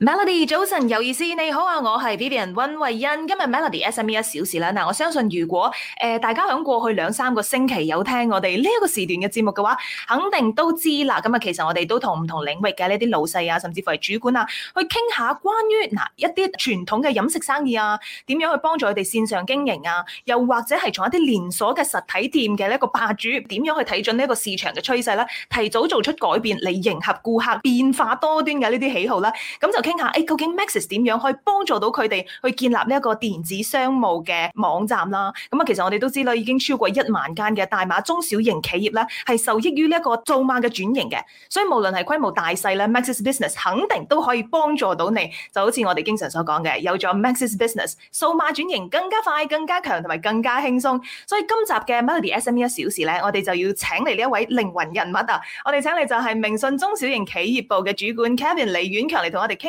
Melody，早晨有意思，你好啊，我係 Vivian 溫慧欣。今日 Melody SME 一小時啦，嗱，我相信如果誒大家響過去兩三個星期有聽我哋呢一個時段嘅節目嘅話，肯定都知啦。咁啊，其實我哋都同唔同領域嘅呢啲老細啊，甚至乎係主管啊，去傾下關於嗱一啲傳統嘅飲食生意啊，點樣去幫助佢哋線上經營啊，又或者係從一啲連鎖嘅實體店嘅呢個霸主，點樣去睇準呢個市場嘅趨勢啦，提早做出改變嚟迎合顧客變化多端嘅呢啲喜好啦，咁就。誒，下究竟 Maxis 點樣可以幫助到佢哋去建立呢一個電子商務嘅網站啦？咁、嗯、啊，其實我哋都知啦，已經超過一萬間嘅大馬中小型企業咧，係受益於呢一個數碼嘅轉型嘅。所以無論係規模大細咧，Maxis Business 肯定都可以幫助到你。就好似我哋經常所講嘅，有咗 Maxis Business，數碼轉型更加快、更加強同埋更加輕鬆。所以今集嘅 Melody SME 一小時咧，我哋就要請嚟呢一位靈魂人物啊！我哋請嚟就係明訊中小型企業部嘅主管 Kevin 李元強嚟同我哋傾。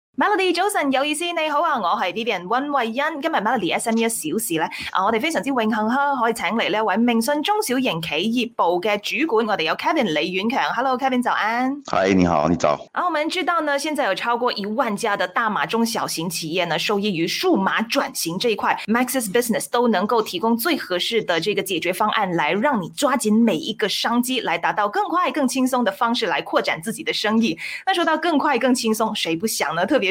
Melody 早晨有意思，你好啊，我係 Vivian 溫慧欣。今日 Melody SME 一小時咧，啊，我哋非常之榮幸可以請嚟呢位明訊中小型企業部嘅主管，我哋有 Kevin 李元強。Hello，Kevin 早安。嗨，你好，你早。啊，我們知道呢，現在有超過一萬家的大馬中小型企業呢，受益於數碼轉型這一塊，Maxis Business 都能夠提供最合適的這個解決方案，來讓你抓緊每一個商機，來達到更快、更輕鬆的方式，來擴展自己的生意。那說到更快、更輕鬆，誰不想呢？特別，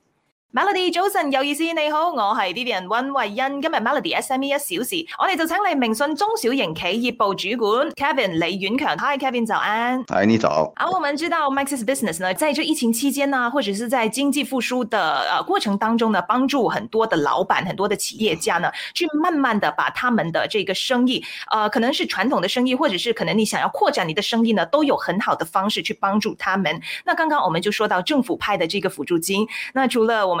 Melody Johnson，有意思，你好，我係 Vivian One 温慧欣，今日 Melody SME 一小時，我哋就請嚟明訊中小型企業部主管 Kevin 李元強。Hi Kevin 早安，Hi，你早。好，我們知道 Maxis Business 呢，在這疫情期間呢，或者是在經濟復蘇的呃過程當中呢，幫助很多的老闆、很多的企業家呢，去慢慢的把他們的這個生意，呃，可能是傳統的生意，或者是可能你想要擴展你的生意呢，都有很好的方式去幫助他們。那剛剛我們就說到政府派的這個輔助金，那除了我們。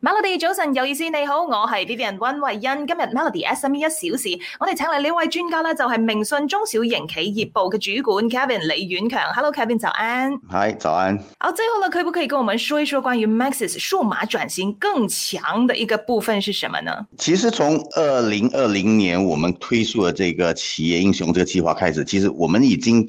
Melody 早晨，有意思你好，我 Vivian 係 B B 人溫慧欣，今日 Melody S M E 一小時，我哋請嚟呢位專家咧就係、是、明訊中小型企業部嘅主管 Kevin 李元強，Hello Kevin 早安，Hi 早安，好、哦、最後呢，可唔可以跟我們說一說關於 Maxis 數碼轉型更強嘅一個部分是什麼呢？其實從二零二零年我們推出嘅這個企業英雄呢個計劃開始，其實我們已經。